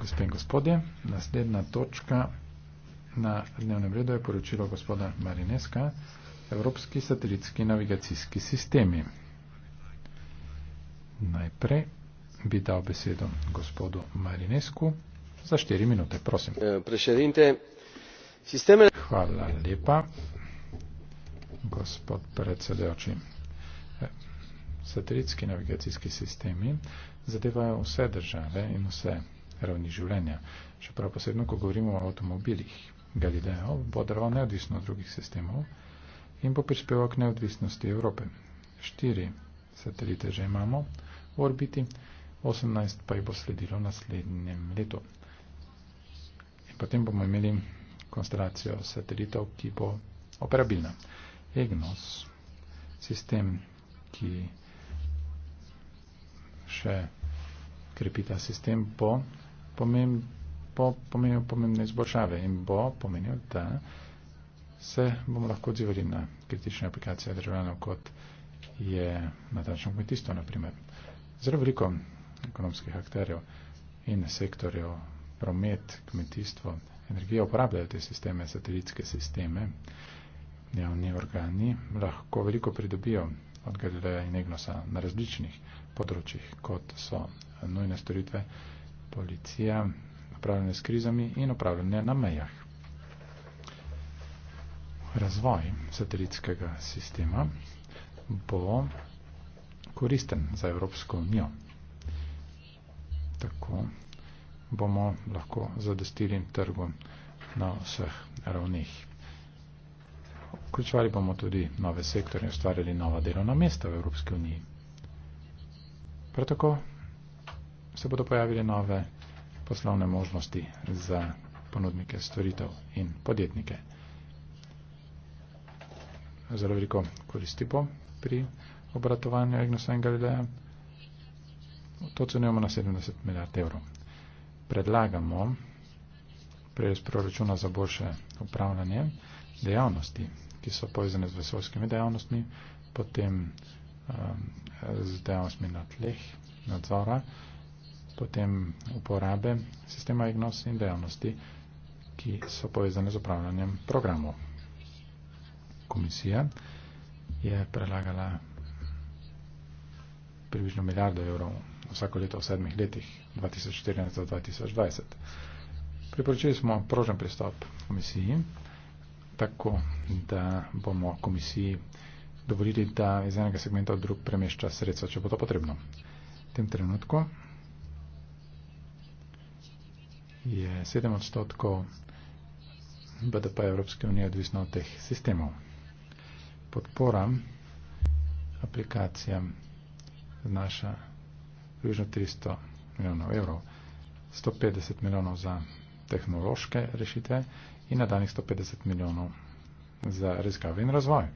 gospe in gospodje, naslednja točka na dnevnem redu je poročilo gospoda Marineska, Evropski satelitski navigacijski sistemi. Najprej bi dal besedo gospodu Marinesku za štiri minute, prosim. Eh, Hvala lepa, gospod predsedajoči. Eh, satelitski navigacijski sistemi zadevajo vse države in vse ravni življenja. Še prav posebno, ko govorimo o avtomobilih. Galileo bo deloval neodvisno od drugih sistemov in bo prispeval k neodvisnosti Evrope. Štiri satelite že imamo v orbiti, 18 pa jih bo sledilo naslednjem letu. In potem bomo imeli konstelacijo satelitov, ki bo operabilna. EGNOS, sistem, ki še krepi ta sistem, bo pomem, bo pomenil pomembne izboljšave in bo pomenil, da se bomo lahko odzivali na kritične aplikacije državljanov, kot je na tačnem kmetijstvu, na primer. Zelo veliko ekonomskih akterjev in sektorjev, promet, kmetijstvo, energija uporabljajo te sisteme, satelitske sisteme, javni organi lahko veliko pridobijo od Galileja in Egnosa na različnih področjih, kot so nujne storitve, policija, upravljanje s krizami in upravljanje na mejah. Razvoj satelitskega sistema bo koristen za Evropsko unijo. Tako bomo lahko zadostili trgu na vseh ravnih vključevali bomo tudi nove sektorje in ustvarjali nova delovna mesta v Evropski uniji. Prav tako se bodo pojavile nove poslovne možnosti za ponudnike storitev in podjetnike. Zelo veliko koristi bo pri obratovanju Ignosa in Galileja. To cenujemo na 70 milijard evrov. Predlagamo prej iz proračuna za boljše upravljanje dejavnosti ki so povezane z vesoljskimi dejavnostmi, potem um, z dejavnostmi na tleh, nadzora, potem uporabe sistema IGNOS e in dejavnosti, ki so povezane z upravljanjem programov. Komisija je prelagala približno milijardo evrov vsako leto v sedmih letih 2014 do 2020. Priporočili smo prožen pristop komisiji tako, da bomo komisiji dovolili, da iz enega segmenta v drug premešča sredstva, če bo to potrebno. V tem trenutku je 7 odstotkov BDP Evropske unije odvisno od teh sistemov. Podpora aplikacijam znaša približno 300 milijonov evrov, 150 milijonov za tehnološke rešitve i nadanih 150 milijonov za raziskave in razvoj.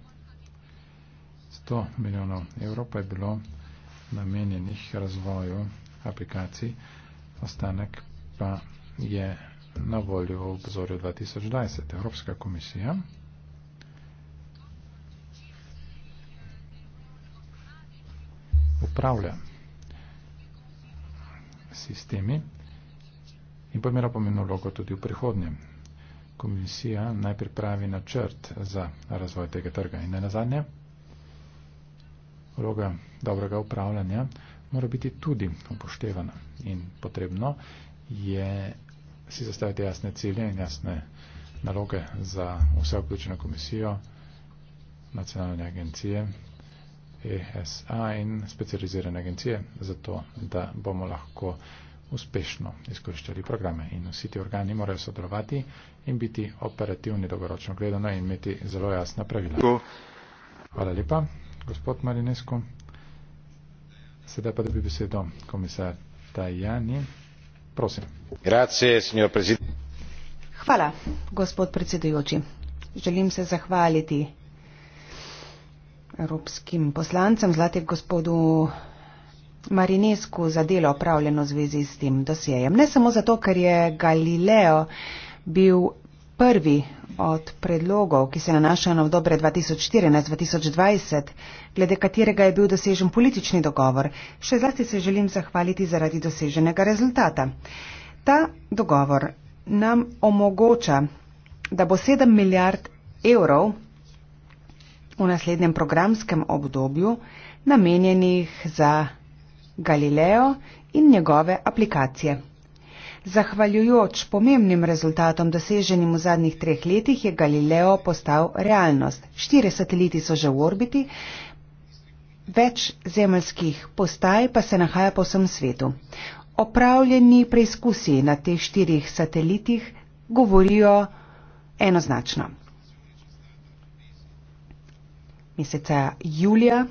100 milijonov evrov pa je bilo namenjenih razvoju aplikacij, ostanek pa je na voljo v obzorju 2020. Evropska komisija upravlja sistemi in bo imela pomembno vlogo tudi v prihodnjem komisija naj pripravi načrt za razvoj tega trga. In na zadnje, vloga dobrega upravljanja mora biti tudi upoštevana in potrebno je si zastaviti jasne cilje in jasne naloge za vse vključene komisijo, nacionalne agencije, ESA in specializirane agencije, zato da bomo lahko uspešno izkoriščali programe. In vsi ti organi morajo sodelovati in biti operativni dogoročno gledano in imeti zelo jasna pravila. Hvala lepa, gospod Marinesko. Sedaj pa dobi besedo komisar Tajani. Prosim. Grazie, Hvala, gospod predsedujoči. Želim se zahvaliti evropskim poslancem, zlati gospodu Marinesku za delo opravljeno v zvezi s tem dosjejem. Ne samo zato, ker je Galileo bil prvi od predlogov, ki se nanašajo na obdobje 2014-2020, glede katerega je bil dosežen politični dogovor. Še zlasti se želim zahvaliti zaradi doseženega rezultata. Ta dogovor nam omogoča, da bo 7 milijard evrov v naslednjem programskem obdobju namenjenih za Galileo in njegove aplikacije. Zahvaljujoč pomembnim rezultatom doseženim v zadnjih treh letih je Galileo postal realnost. Štiri sateliti so že v orbiti, več zemljskih postaj pa se nahaja po vsem svetu. Opravljeni preizkusi na teh štirih satelitih govorijo enoznačno. Meseca julija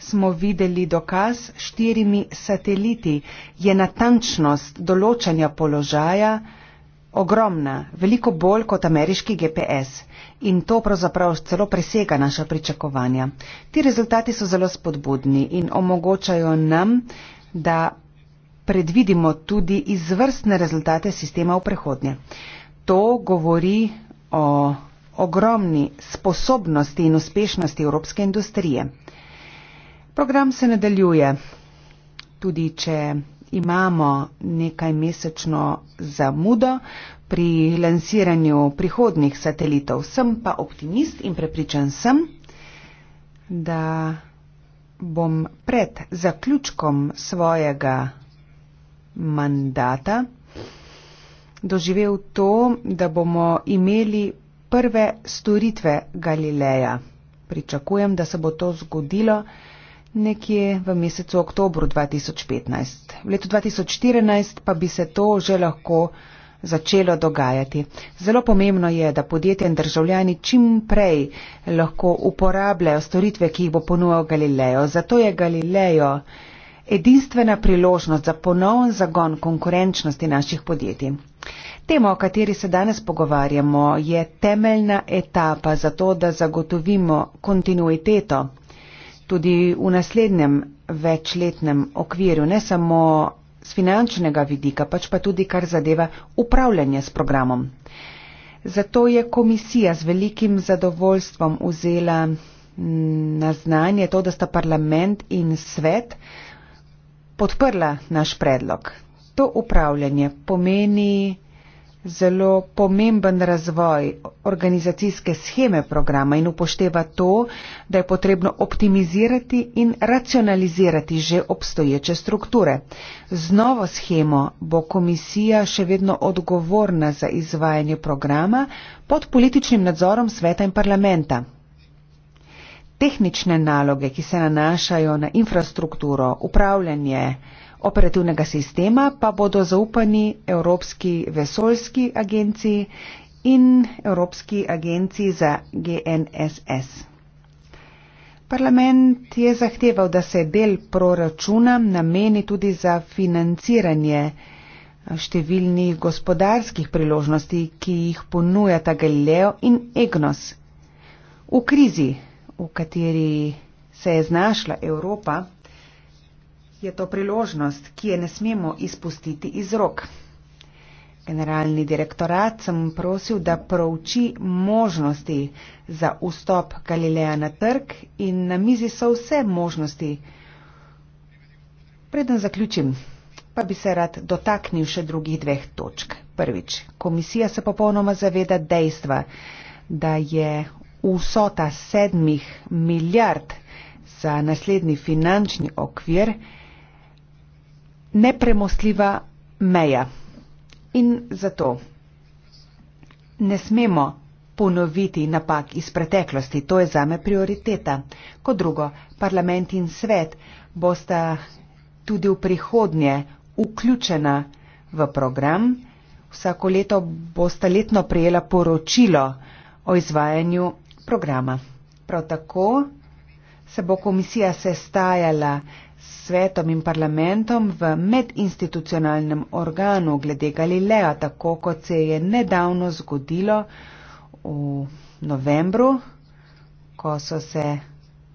smo videli dokaz štirimi sateliti, je natančnost določanja položaja ogromna, veliko bolj kot ameriški GPS in to pravzaprav celo presega naša pričakovanja. Ti rezultati so zelo spodbudni in omogočajo nam, da predvidimo tudi izvrstne rezultate sistema v prihodnje. To govori o ogromni sposobnosti in uspešnosti evropske industrije. Program se nadaljuje. Tudi če imamo nekaj mesečno zamudo pri lansiranju prihodnih satelitov, sem pa optimist in prepričan sem, da bom pred zaključkom svojega mandata doživel to, da bomo imeli prve storitve Galileja. Pričakujem, da se bo to zgodilo nekje v mesecu oktobru 2015. V letu 2014 pa bi se to že lahko začelo dogajati. Zelo pomembno je, da podjetje in državljani čim prej lahko uporabljajo storitve, ki jih bo ponujal Galilejo. Zato je Galilejo edinstvena priložnost za ponovn zagon konkurenčnosti naših podjetij. Tema, o kateri se danes pogovarjamo, je temeljna etapa za to, da zagotovimo kontinuiteto tudi v naslednjem večletnem okviru, ne samo z finančnega vidika, pač pa tudi kar zadeva upravljanje s programom. Zato je komisija z velikim zadovoljstvom vzela mm, na znanje to, da sta parlament in svet podprla naš predlog. To upravljanje pomeni zelo pomemben razvoj organizacijske scheme programa in upošteva to, da je potrebno optimizirati in racionalizirati že obstoječe strukture. Z novo schemo bo komisija še vedno odgovorna za izvajanje programa pod političnim nadzorom sveta in parlamenta. Tehnične naloge, ki se nanašajo na infrastrukturo, upravljanje, operativnega sistema pa bodo zaupani Evropski vesoljski agenciji in Evropski agenciji za GNSS. Parlament je zahteval, da se del proračuna nameni tudi za financiranje številnih gospodarskih priložnosti, ki jih ponujata Galileo in Egnos. V krizi, v kateri se je znašla Evropa, je to priložnost, ki je ne smemo izpustiti iz rok. Generalni direktorat sem prosil, da prouči možnosti za vstop Galileja na trg in na mizi so vse možnosti. Preden zaključim, pa bi se rad dotaknil še drugih dveh točk. Prvič, komisija se popolnoma zaveda dejstva, da je vsota sedmih milijard za naslednji finančni okvir nepremostljiva meja. In zato ne smemo ponoviti napak iz preteklosti. To je zame prioriteta. Kot drugo, parlament in svet bosta tudi v prihodnje vključena v program. Vsako leto bosta letno prejela poročilo o izvajanju programa. Prav tako se bo komisija sestajala svetom in parlamentom v medinstitucionalnem organu glede Galileja, tako kot se je nedavno zgodilo v novembru, ko so se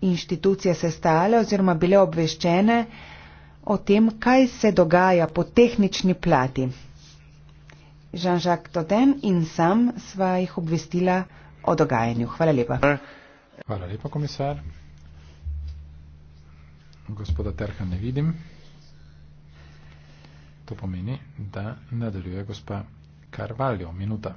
inštitucije sestale oziroma bile obveščene o tem, kaj se dogaja po tehnični plati. Jean-Jacques Toten in sam sva jih obvestila o dogajanju. Hvala lepa. Hvala lepa, komisar gospoda Terha ne vidim. To pomeni, da nadaljuje gospa Carvalho. Minuta.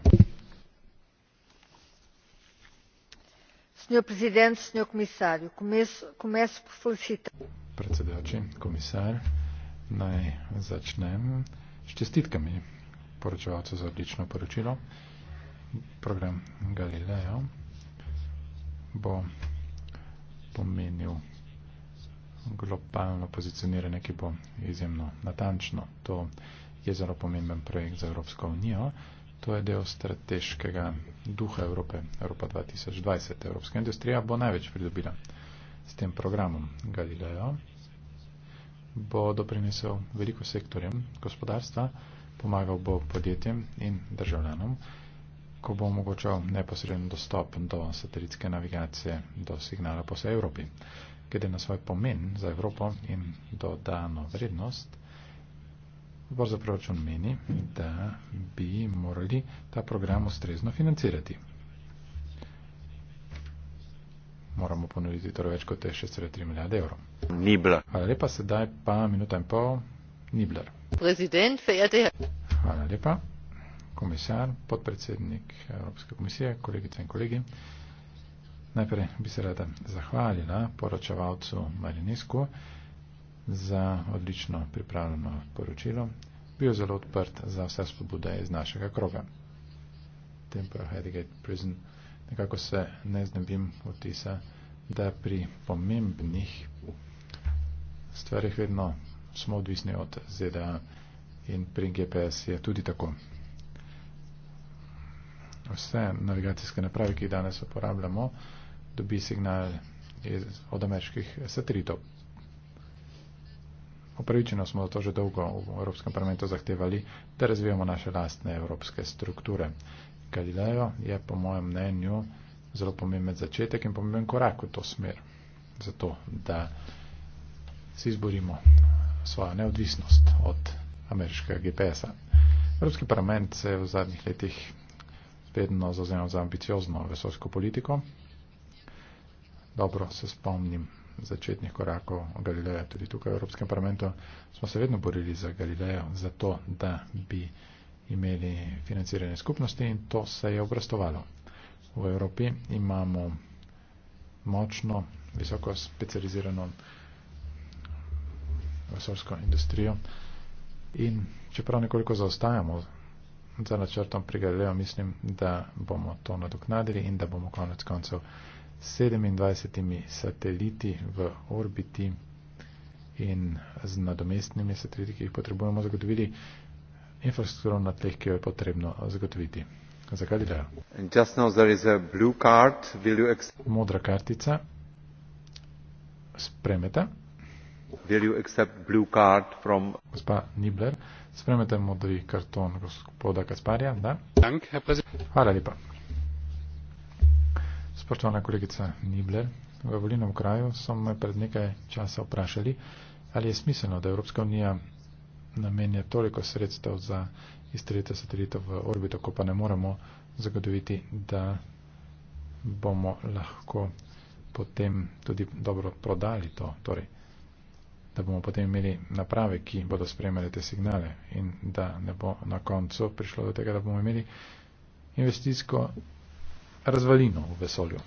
Senjor prezident, senjor komisar, komes, komes prosite. Predsedajoči, komisar, naj začnem s čestitkami poročevalcu za odlično poročilo. Program Galileo bo pomenil globalno pozicioniranje, ki bo izjemno natančno. To je zelo pomemben projekt za Evropsko unijo. To je del strateškega duha Evrope, Evropa 2020. Evropska industrija bo največ pridobila s tem programom Galileo. Bo doprinesel veliko sektorjem gospodarstva, pomagal bo podjetjem in državljanom, ko bo omogočal neposreden dostop do satelitske navigacije, do signala po vsej Evropi glede na svoj pomen za Evropo in dodano vrednost, odbor za proračun meni, da bi morali ta program ustrezno financirati. Moramo ponuditi torej več kot 6,3 milijarde evrov. Nibler. Hvala lepa, sedaj pa minuta in pol. Nibler. Prezident, fejate. Hvala lepa, komisar, podpredsednik Evropske komisije, kolegice in kolegi. Najprej bi se rada zahvalila poročevalcu Marinesku za odlično pripravljeno poročilo. Bil zelo odprt za vse spobude iz našega kroga. Temple Hedgate Prison. Nekako se ne znebim vtisa, da pri pomembnih stvarih vedno smo odvisni od ZDA in pri GPS je tudi tako. Vse navigacijske naprave, ki jih danes uporabljamo, dobi signal iz, od ameriških satelitov. Opravičeno smo to že dolgo v Evropskem parlamentu zahtevali, da razvijamo naše lastne evropske strukture. Galileo je po mojem mnenju zelo pomemben začetek in pomemben korak v to smer, zato da si izborimo svojo neodvisnost od ameriškega GPS-a. Evropski parlament se je v zadnjih letih vedno zauzemal za ambiciozno vesoljsko politiko dobro se spomnim začetnih korakov Galileja, tudi tukaj v Evropskem parlamentu, smo se vedno borili za Galilejo, za to, da bi imeli financiranje skupnosti in to se je obrastovalo. V Evropi imamo močno, visoko specializirano vesolsko industrijo in čeprav nekoliko zaostajamo za načrtom pri Galileju, mislim, da bomo to nadoknadili in da bomo konec koncev 27 sateliti v orbiti in z nadomestnimi sateliti, ki jih potrebujemo zagotoviti, infrastrukturo na tleh, ki jo je potrebno zagotoviti. Zakaj delajo? Card. Modra kartica. Spremete. Will you accept blue card from... Gospa Nibler, spremete modri karton gospoda Kasparja, da? Dank, Hvala lepa. Spoštovana kolegica Nibler, v volilnem kraju so me pred nekaj časa vprašali, ali je smiselno, da Evropska unija namenja toliko sredstev za izstrelitev satelitov v orbito, ko pa ne moremo zagotoviti, da bomo lahko potem tudi dobro prodali to, torej, da bomo potem imeli naprave, ki bodo spremljali te signale in da ne bo na koncu prišlo do tega, da bomo imeli investicijsko razvalino v vesolju.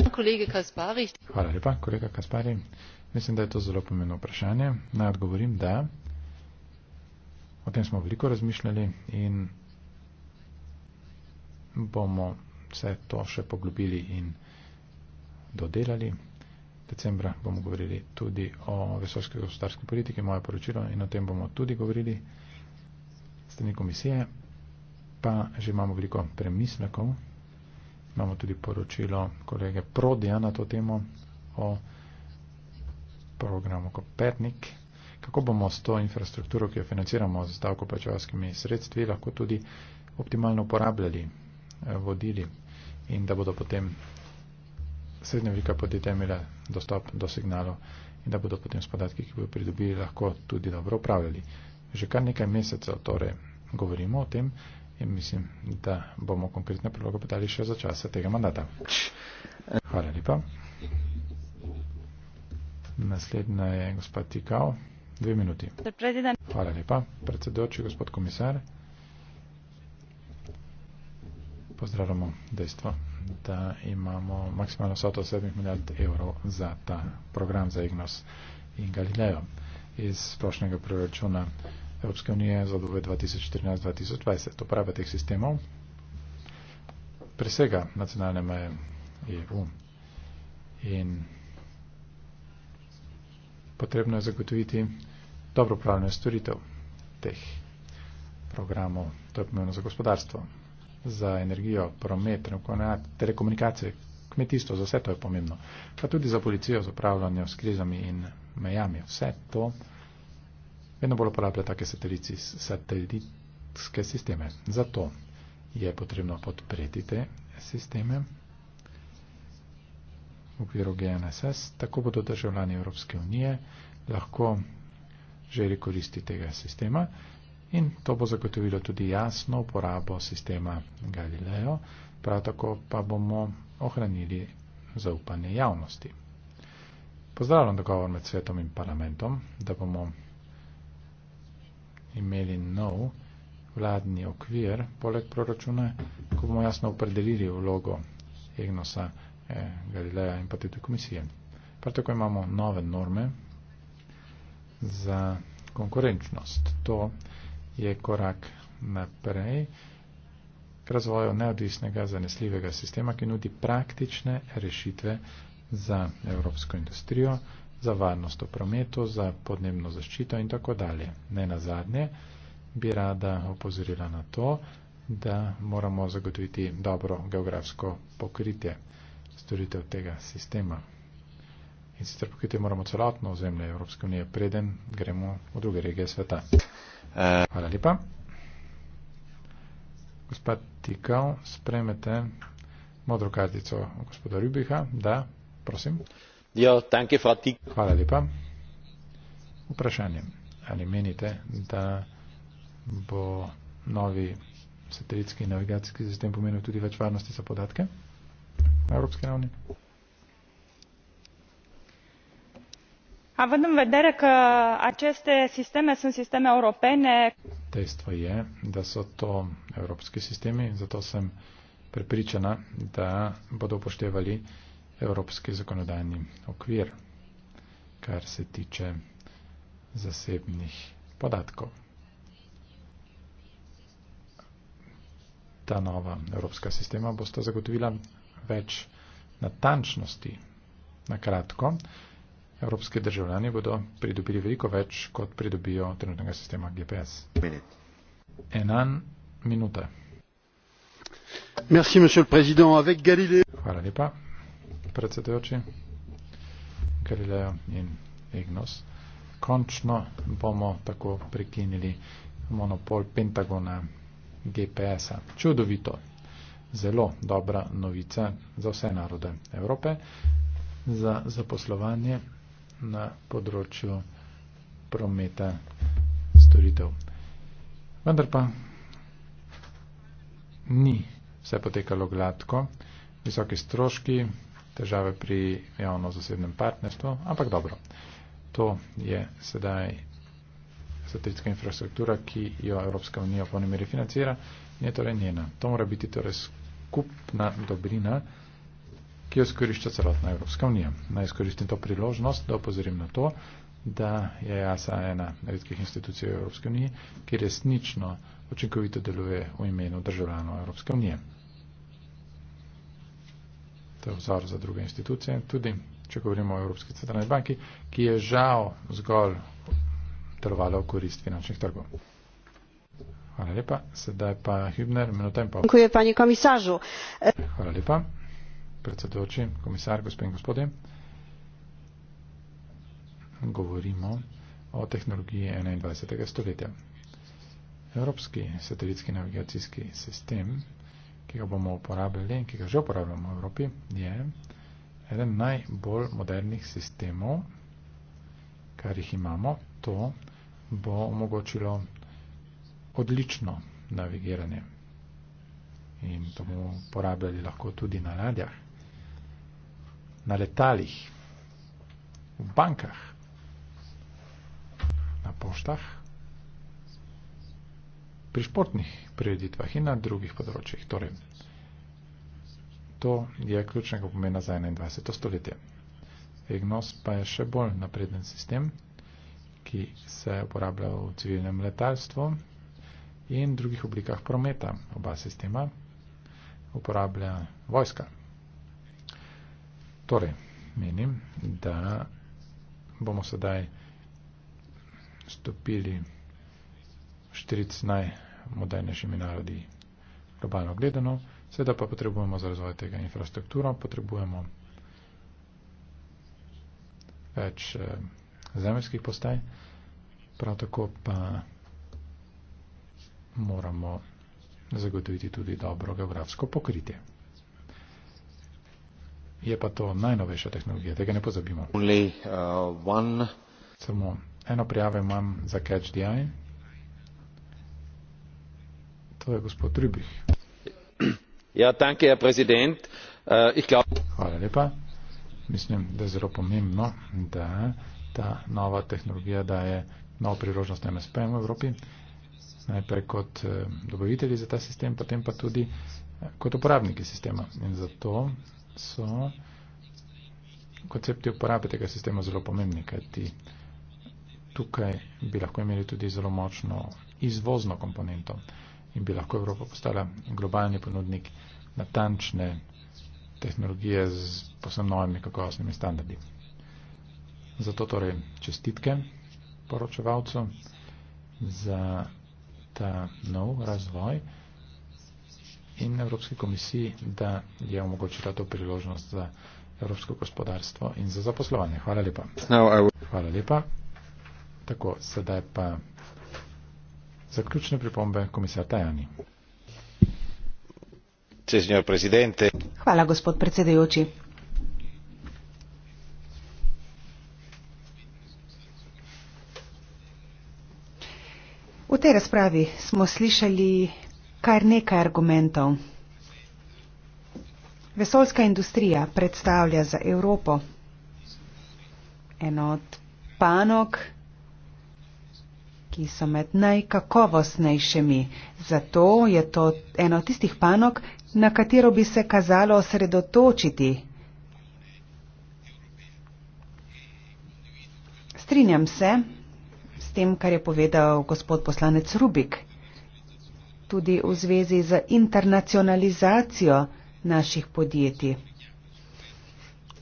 Hvala lepa, kolega Kaspari. Mislim, da je to zelo pomembno vprašanje. Naj odgovorim, da o tem smo veliko razmišljali in bomo vse to še poglobili in dodelali. Decembra bomo govorili tudi o vesoljski gospodarski politiki, moje poročilo in o tem bomo tudi govorili strani komisije. Pa že imamo veliko premislekov imamo tudi poročilo kolege Prodija na to temo o programu Kopernik. Kako bomo s to infrastrukturo, ki jo financiramo z davkoplačevalskimi sredstvi, lahko tudi optimalno uporabljali, eh, vodili in da bodo potem srednje velika podjetja imela dostop do signalov in da bodo potem s podatki, ki bodo pridobili, lahko tudi dobro upravljali. Že kar nekaj mesecev torej govorimo o tem, in mislim, da bomo konkretne priloge podali še za časa tega mandata. Hvala lepa. Naslednja je gospod Tikal. Dve minuti. Hvala lepa. Predsedoči, gospod komisar. Pozdravljamo dejstvo, da imamo maksimalno soto 7 milijard evrov za ta program za Ignos in Galileo iz splošnega proračuna Evropske unije za dobe 2014-2020. Oprava teh sistemov presega nacionalne meje EU in potrebno je zagotoviti dobro pravne storitev teh programov, to je pomembno za gospodarstvo, za energijo, promet, telekomunikacije, kmetijstvo, za vse to je pomembno, pa tudi za policijo, za upravljanje s krizami in mejami. Vse to vedno bolj uporablja take satelitske sisteme. Zato je potrebno podpreti te sisteme v okviru GNSS, tako bodo državljani Evropske unije lahko želi koristi tega sistema in to bo zagotovilo tudi jasno uporabo sistema Galileo, prav tako pa bomo ohranili zaupanje javnosti. Pozdravljam dogovor med svetom in parlamentom, da bomo imeli nov vladni okvir poleg proračuna, ko bomo jasno opredelili vlogo Egnosa, eh, Galileja in pa tudi komisije. Prav tako imamo nove norme za konkurenčnost. To je korak naprej k razvoju neodvisnega, zanesljivega sistema, ki nudi praktične rešitve za evropsko industrijo za varnost v prometu, za podnebno zaščito in tako dalje. Ne na zadnje bi rada opozorila na to, da moramo zagotoviti dobro geografsko pokritje storitev tega sistema. In sicer pokritje moramo celotno ozemlje Evropske unije, preden gremo v druge regije sveta. Hvala lepa. Gospod Tikal, spremete modro kartico gospoda Rubiha, da, prosim. Ja, Hvala lepa. Vprašanje. Ali menite, da bo novi satelitski navigacijski sistem pomenil tudi več varnosti za podatke na evropski ravni? Având în vedere că aceste sisteme sunt sisteme europene. Dejstvo je, da so to evropski sistemi, zato sem prepričana, da bodo upoštevali uh, evropski zakonodajni okvir, kar se tiče zasebnih podatkov. Ta nova evropska sistema bosta zagotovila več natančnosti. Na kratko, evropski državljani bodo pridobili veliko več, kot pridobijo trenutnega sistema GPS. Ena minuta. Merci, monsieur le président. Avec Galilée. Voilà, n'est pas predsedujoči, Galileo in Ignos. Končno bomo tako prekinili monopol Pentagona GPS-a. Čudovito, zelo dobra novica za vse narode Evrope za zaposlovanje na področju prometa storitev. Vendar pa ni vse potekalo gladko. Visoki stroški, težave pri javno-zasebnem partnerstvu, ampak dobro, to je sedaj satelitska infrastruktura, ki jo Evropska unija po nemeri financira in je torej njena. To mora biti torej skupna dobrina, ki jo skorišča celotna Evropska unija. Naj skoristim to priložnost, da opozorim na to, da je JASA ena redkih institucij v Evropske unije, ki resnično učinkovito deluje v imenu državljanov Evropske unije to je vzor za druge institucije, tudi če govorimo o Evropski centralni banki, ki je žal zgolj trvala v korist finančnih trgov. Hvala lepa. Sedaj pa Hübner, minuta in pol. Dziękuję, panie komisarzu. Hvala lepa. Predsedujoči, komisar, gospod in gospodje. Govorimo o tehnologiji 21. stoletja. Evropski satelitski navigacijski sistem ki ga bomo uporabljali in ki ga že uporabljamo v Evropi, je eden najbolj modernih sistemov, kar jih imamo. To bo omogočilo odlično navigiranje. In to bomo uporabljali lahko tudi na ladjah, na letalih, v bankah, na poštah pri športnih prireditvah in na drugih področjih. Torej, to je ključnega pomena za 21. stoletje. EGNOS pa je še bolj napreden sistem, ki se uporablja v civilnem letalstvu in drugih oblikah prometa. Oba sistema uporablja vojska. Torej, menim, da bomo sedaj stopili štiric najmodernejšimi narodi globalno gledano. Seveda pa potrebujemo za razvoj tega infrastrukturo, potrebujemo več eh, zemeljskih postaj, prav tako pa moramo zagotoviti tudi dobro geografsko pokritje. Je pa to najnovejša tehnologija, tega ne pozabimo. Uh, Samo eno prijave imam za CatchDI. Ja, äh, Hvala lepa. Mislim, da je zelo pomembno, da ta nova tehnologija daje novo priložnost MSP-jem v Evropi, najprej kot eh, dobavitelji za ta sistem, potem pa tudi eh, kot uporabniki sistema. In zato so koncepti uporabe tega sistema zelo pomembni, kajti tukaj bi lahko imeli tudi zelo močno izvozno komponento in bi lahko Evropa postala globalni ponudnik natančne tehnologije z posebno novimi kakovostnimi standardi. Zato torej čestitke poročevalcu za ta nov razvoj in Evropski komisiji, da je omogočila to priložnost za evropsko gospodarstvo in za zaposlovanje. Hvala lepa. Hvala lepa. Tako, sedaj pa Zaključne pripombe komisar Tajani. Hvala, gospod predsedujoči. V tej razpravi smo slišali kar nekaj argumentov. Vesoljska industrija predstavlja za Evropo eno od panog ki so med najkakovostnejšimi. Zato je to eno tistih panok, na katero bi se kazalo osredotočiti. Strinjam se s tem, kar je povedal gospod poslanec Rubik, tudi v zvezi z internacionalizacijo naših podjetij.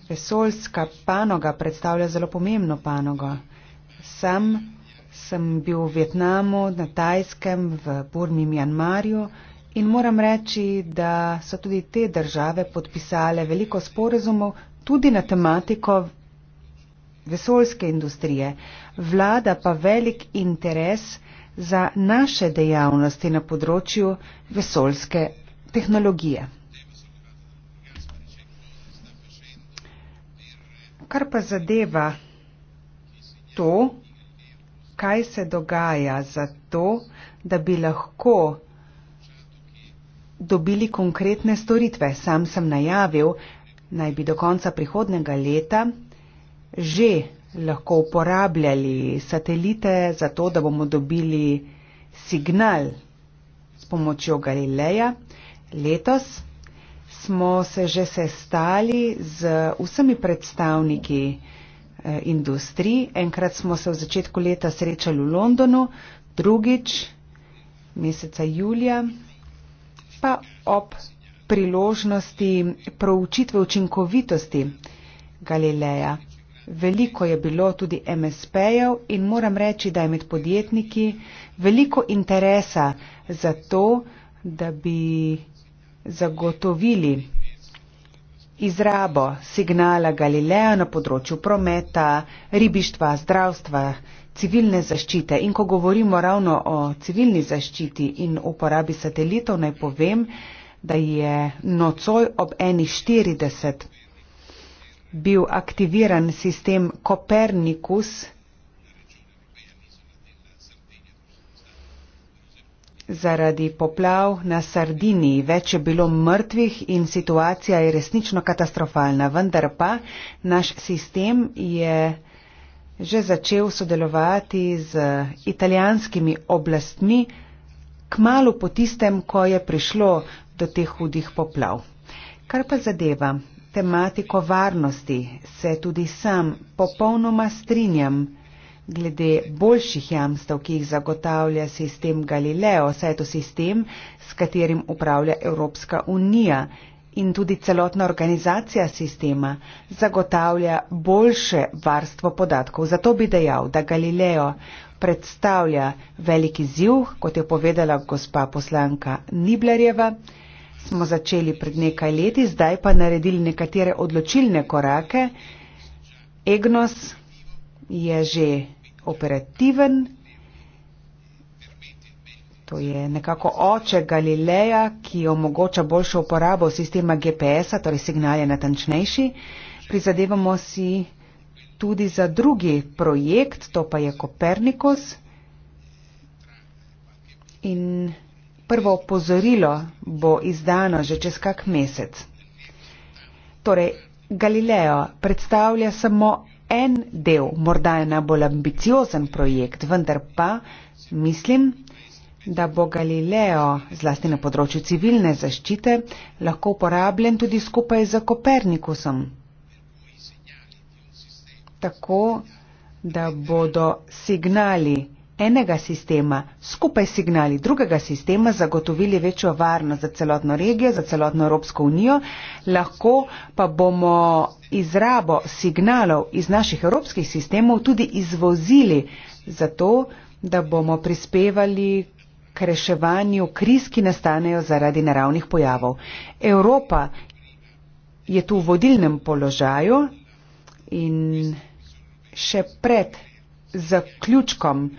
Vesoljska panoga predstavlja zelo pomembno panogo. Sam sem bil v Vietnamu, na Tajskem, v Burmi, Mjanmarju in moram reči, da so tudi te države podpisale veliko sporazumov tudi na tematiko vesoljske industrije. Vlada pa velik interes za naše dejavnosti na področju vesoljske tehnologije. Kar pa zadeva to, kaj se dogaja za to, da bi lahko dobili konkretne storitve. Sam sem najavil, naj bi do konca prihodnega leta že lahko uporabljali satelite za to, da bomo dobili signal s pomočjo Galileja. Letos smo se že sestali z vsemi predstavniki Eh, industriji. Enkrat smo se v začetku leta srečali v Londonu, drugič meseca julija, pa ob priložnosti proučitve učinkovitosti Galileja. Veliko je bilo tudi MSP-jev in moram reči, da je med podjetniki veliko interesa za to, da bi zagotovili izrabo signala Galileja na področju prometa, ribištva, zdravstva, civilne zaščite. In ko govorimo ravno o civilni zaščiti in uporabi satelitov, naj povem, da je nocoj ob 1.40 bil aktiviran sistem Kopernikus Zaradi poplav na Sardiniji več je bilo mrtvih in situacija je resnično katastrofalna, vendar pa naš sistem je že začel sodelovati z italijanskimi oblastmi k malu po tistem, ko je prišlo do teh hudih poplav. Kar pa zadeva tematiko varnosti, se tudi sam popolnoma strinjam glede boljših jamstev, ki jih zagotavlja sistem Galileo, saj je to sistem, s katerim upravlja Evropska unija in tudi celotna organizacija sistema, zagotavlja boljše varstvo podatkov. Zato bi dejal, da Galileo predstavlja veliki ziv, kot je povedala gospa poslanka Niblerjeva. Smo začeli pred nekaj leti, zdaj pa naredili nekatere odločilne korake. Egnos je že operativen. To je nekako oče Galileja, ki omogoča boljšo uporabo sistema GPS-a, torej signal je natančnejši. Prizadevamo si tudi za drugi projekt, to pa je Kopernikus. In prvo opozorilo bo izdano že čez kak mesec. Torej, Galileo predstavlja samo en del, morda je najbolj ambiciozen projekt, vendar pa mislim, da bo Galileo, zlasti na področju civilne zaščite, lahko uporabljen tudi skupaj z Kopernikusom. Tako, da bodo signali enega sistema, skupaj s signali drugega sistema, zagotovili večjo varnost za celotno regijo, za celotno Evropsko unijo, lahko pa bomo izrabo signalov iz naših evropskih sistemov tudi izvozili, zato da bomo prispevali k reševanju kriz, ki nastanejo zaradi naravnih pojavov. Evropa je tu v vodilnem položaju in še pred zaključkom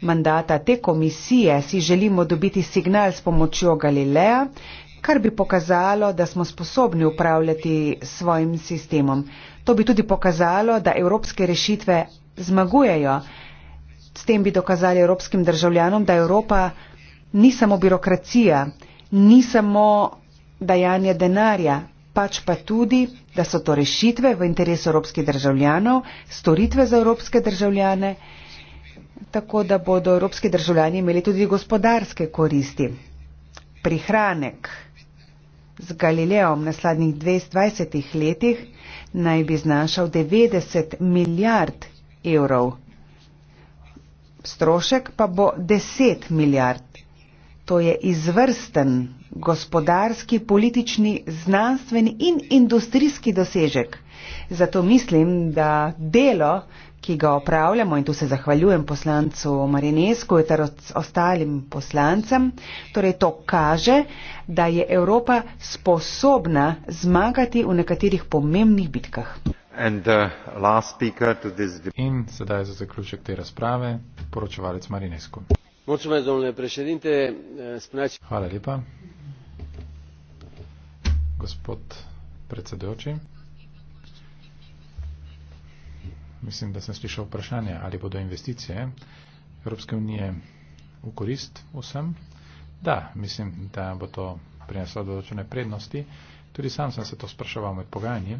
mandata te komisije si želimo dobiti signal s pomočjo Galileja, kar bi pokazalo, da smo sposobni upravljati s svojim sistemom. To bi tudi pokazalo, da evropske rešitve zmagujejo. S tem bi dokazali evropskim državljanom, da Evropa ni samo birokracija, ni samo dajanje denarja, pač pa tudi, da so to rešitve v interesu evropskih državljanov, storitve za evropske državljane tako da bodo evropski državljani imeli tudi gospodarske koristi. Prihranek z Galileom v naslednjih 20 letih naj bi znašal 90 milijard evrov. Strošek pa bo 10 milijard. To je izvrsten gospodarski, politični, znanstveni in industrijski dosežek. Zato mislim, da delo ki ga opravljamo in tu se zahvaljujem poslancu Marinesku in ter ostalim poslancem. Torej, to kaže, da je Evropa sposobna zmagati v nekaterih pomembnih bitkah. Uh, in sedaj za zaključek te razprave poročevalec Marinesku. Hvala lepa. Gospod predsedujoči mislim, da sem slišal vprašanje, ali bodo investicije Evropske unije v korist vsem. Da, mislim, da bo to prineslo določene prednosti. Tudi sam sem se to spraševal med pogajanji.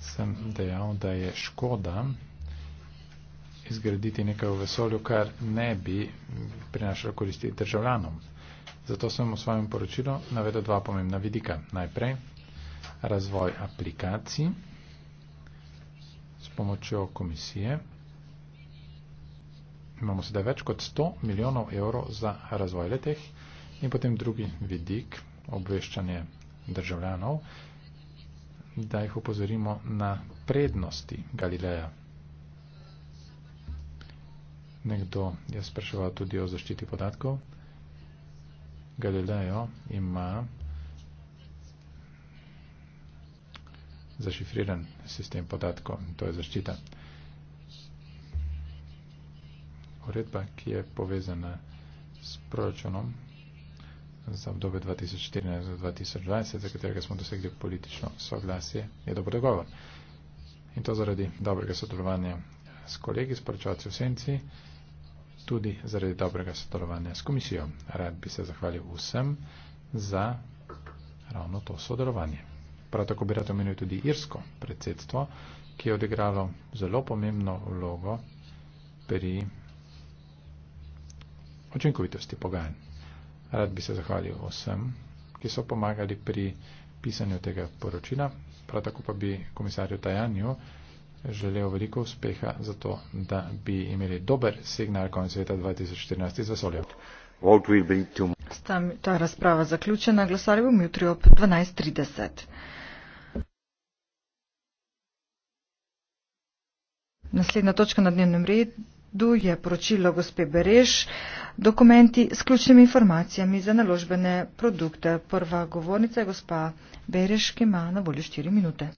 Sem dejal, da je škoda izgraditi nekaj v vesolju, kar ne bi prinašalo koristi državljanom. Zato sem v svojem poročilu navedel dva pomembna vidika. Najprej razvoj aplikacij s pomočjo komisije. Imamo sedaj več kot 100 milijonov evrov za razvoj leteh in potem drugi vidik, obveščanje državljanov, da jih upozorimo na prednosti Galileja. Nekdo je spraševal tudi o zaščiti podatkov. Galileo ima zašifriran sistem podatkov in to je zaščita. Uredba, ki je povezana s proračunom za obdobje 2014-2020, za katerega smo dosegli politično soglasje, je dober dogovor. In to zaradi dobrega sodelovanja s kolegi, s poročevalci v Senci, tudi zaradi dobrega sodelovanja s komisijo. Rad bi se zahvalil vsem za ravno to sodelovanje. Prav tako bi rad omenil tudi irsko predsedstvo, ki je odigralo zelo pomembno vlogo pri očinkovitosti pogajanj. Rad bi se zahvalil vsem, ki so pomagali pri pisanju tega poročila. Prav tako pa bi komisarju Tajanju želel veliko uspeha za to, da bi imeli dober signal konec sveta 2014 iz vesolja. Ta razprava zaključena, glasali bomo jutri ob 12.30. Naslednja točka na dnevnem redu je poročilo gospe Bereš, dokumenti s ključnimi informacijami za naložbene produkte. Prva govornica je gospa Bereš, ki ima na voljo 4 minute.